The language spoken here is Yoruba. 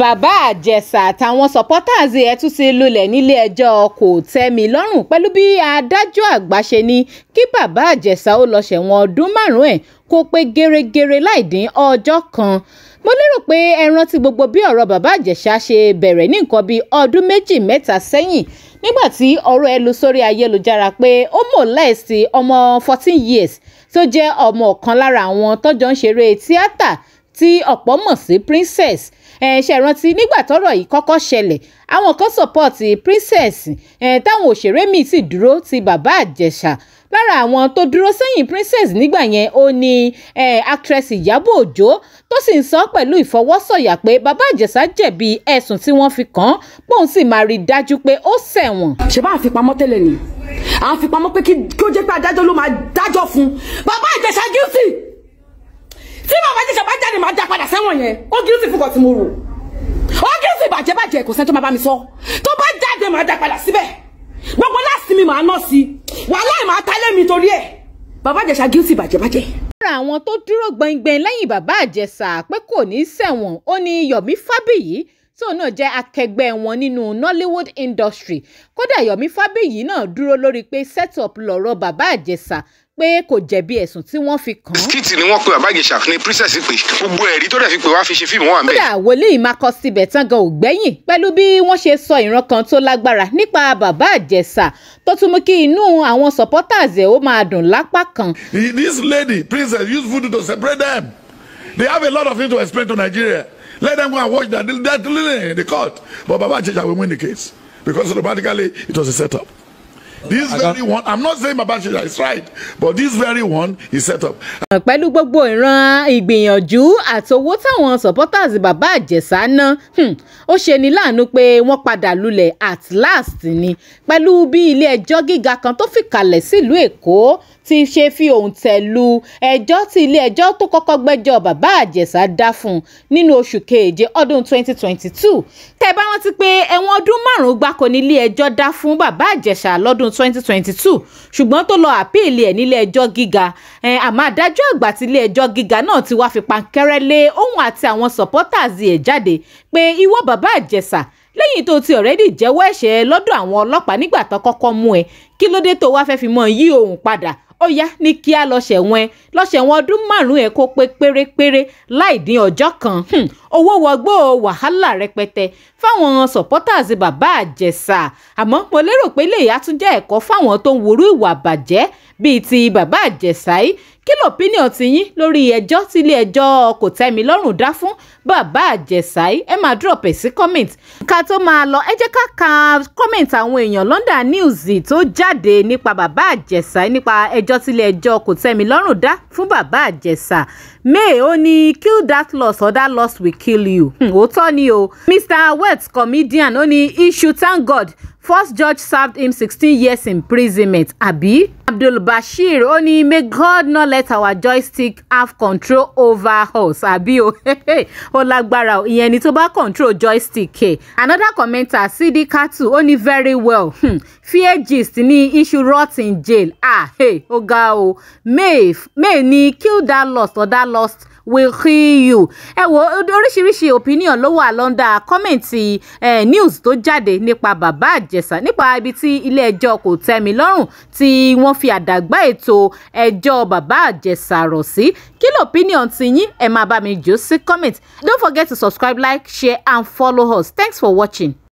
bàbá àjẹsà àtàwọn supporters ẹ̀ tún ti lulẹ̀ nílé-ẹjọ́ kò-tẹ́-mi-lọ́rùn pẹ̀lú bí adájọ́ àgbà ṣe ní kí bàbá àjẹsà ó lọ ṣẹ̀wọ̀n ọdún márùn-ún ẹ̀ kó pé gẹ́rẹ́gẹ́rẹ́ láì dín ọjọ́ kan mo lérò pé ẹ rántí gbogbo bí ọ̀rọ̀ bàbá àjẹsà ṣe bẹ̀rẹ̀ ní nǹkan bíi ọdún méjì mẹ́ta sẹ́yìn nígbà tí ọ̀rọ̀ ẹ̀ lu sórí ayélujára pé ó molest ọmọ fourteen years tó jẹ́ ọmọ ọ̀kan lára àwọn tọ́jọ́ ń ṣeré tíátà tí ọ̀pọ̀ mọ̀ sí princess ẹ̀ ṣèrántí nígbà tọ́rọ̀ yìí kọ́kọ́ ṣẹlẹ̀ àwọn kan sọ̀pọ̀tì princess ẹ̀ táwọn òṣèré míì sì dúró ti bàbá àjẹsà lára àwọn tó dúró sẹ́yìn princess nígbà yẹn ó ní actress ìyábọ̀ òjó tó sì ń sọ pẹ̀lú ìfọwọ́sọ̀yà pé bàbá àjẹsà jẹ̀bi ẹ̀sùn tí wọ́n fi kàn án bóun sì máa rí i dájú pé ó ṣẹ̀wọ̀n. ṣe bá àfipamọ́ tẹ́lẹ̀ ni àfipamọ́ pé kí ó jẹ́ pé adájọ́ ló máa dájọ́ fún bàbá jáde máa dá padà sẹ́wọ̀n yẹn ó gírísì fúkọ̀ tí mo rò ó gírísì bàjẹ́ bàjẹ́ kò sẹ́ni tó máa bá mi sọ tó bá jáde máa dá padà síbẹ̀ gbogbo láti mi máa ná sí wàhálà ìmọ̀ àtàlẹ́ mi Baba, ẹ̀ bàbá àjẹsà gírísì bàjẹ́ bàjẹ́ lára àwọn tó dúró gbẹngbẹng lẹ́yìn bàbá àjẹsà pé kò ní sẹ̀wọ̀n ó ní Yọ̀mí Fábíyì tóun náà jẹ́ akẹgbẹ́ wọn nínú Nollywood industry kódà Yomi Fabayì náà dúró lórí pé setup lọ̀rọ̀ bàbá Ìjẹ̀ṣà pé kò jẹ̀bi ẹ̀sùn tí wọ́n fi kàn án. skit ni wọ́n pe bàbá Ìjẹ̀ṣà ní princess pé gbogbo ẹ̀rí tó dẹ̀ fi pé wá fi ṣe fíìmù wọn àmì. kódà wòlíì máa kọ síbẹ̀ tán gan ò gbẹ́yìn pẹ̀lú bí wọ́n ṣe sọ ìran kan tó lágbára nípa bàbá Ìjẹ̀ṣà tó tún mú kí inú àwọn supporters ẹ̀ ó máa dùn lápá kan. this lady princess use voodoo to separate them they have a lot of things to explain to Nigeria. Let them go and watch that, that, that in the court. But Baba Ajayi will win the case because automatically it was a setup this very one i'm not saying baba shida is right but this very one is set up. pẹ̀lú gbogbo ìran ìgbìyànjú àtowó táwọn supporters bàbá àjẹsà ná hmm, ó ṣe ni láàánú pé wọ́n padà lulẹ̀ at last ni pẹ̀lú bí ilé ẹjọ́ gíga kan tó fìkàlẹ̀ sílùú èkó ti ṣe fi òǹtẹ̀ lu ẹjọ́ tí ilé ẹjọ́ tó kọ́kọ́ gbẹ́jọ́ bàbá àjẹsà dá fún un nínú oṣù keje ọdún 2022 tẹ́ bá rántí pé ẹ̀wọ̀n ọdún márùn-ún gbáko ní ilé ẹjọ́ dá fún bàbá àjẹsà lọ́dún twenty twenty two ṣùgbọ́n tó lọ àpíìlì ẹ̀ nílé ẹjọ́ gíga àmọ́ adájọ́ àgbà ti ilé ẹjọ́ gíga náà ti wá fi pankẹ́rẹ́ lé òun àti àwọn supporters ẹ̀ jáde pé ìwọ bàbá Ìjẹ̀ṣà lẹ́yìn tó ti ọ̀rẹ́dì jẹ́wọ́ ẹ̀ṣẹ̀ lọ́dọ̀ àwọn ọlọ́pàá nígbà tó kọ́kọ́ mú ẹ kí ló dé tó wá fẹ́ fi mọ yí òun padà ó yá ní kíá lọ ṣẹ̀wọ̀n ẹ lọ ọdún márùn-ún ẹ kó pé pérépéré láì dín ọjọ́ kan hmm owó wọgbó wàhálà rẹpẹtẹ fáwọn supporters bàbá àjẹsà àmọ́ mo lérò pé lè yá tún jẹ́ ẹ̀kọ́ fáwọn tó ń worú ìwà bàjẹ́ bíi ti bàbá àjẹsà yìí kí lópinion ti yín lórí ẹjọ́ tí ilé ẹjọ́ kò tẹ́mi lọ́rùn dá fún bàbá àjẹsà yìí ẹ máa drop ẹ̀ sí comment ká tó máa lọ ẹ jẹ́ ká ka comment àwọn èèyàn London News tó jáde nípa bàbá àjẹsà yìí nípa ẹjọ́ tí ilé ẹjọ́ kò tẹ́mi lọ́rùn dá fún bàbá àjẹsà may ó ní kill that loss or that loss we kill you. Hmm, òótọ́ ni o Mr. West comedian ó ní issue thank God first judge served him sixteen years imprisonment àbí. abdulbashir ó ní may God not let our joystick have control over us àbí o ó lágbára ìyẹn ni tó bá control joystick ẹ. E. another commenter sidi katu ó ní very well hmm. fear gist ní issue rot in jail ah hey, ó ga o may may ni kill that lost or that lost will heal you. ẹ eh, wo oríṣiríṣi opinion ló wà lọ́ndà kọ́mẹ̀ntì eh, news tó jáde nípa bàbá àjẹsà nípa ibi tí ilé ẹjọ́ kò tẹ́mi lọ́rùn tí wọ́n fi àdàgbà ètò ẹjọ́ bàbá àjẹsà rọ̀ sí kí ló opinion ti yín ẹ máa bá mi jò sí comment don't forget to subscribe like share and follow us thanks for watching.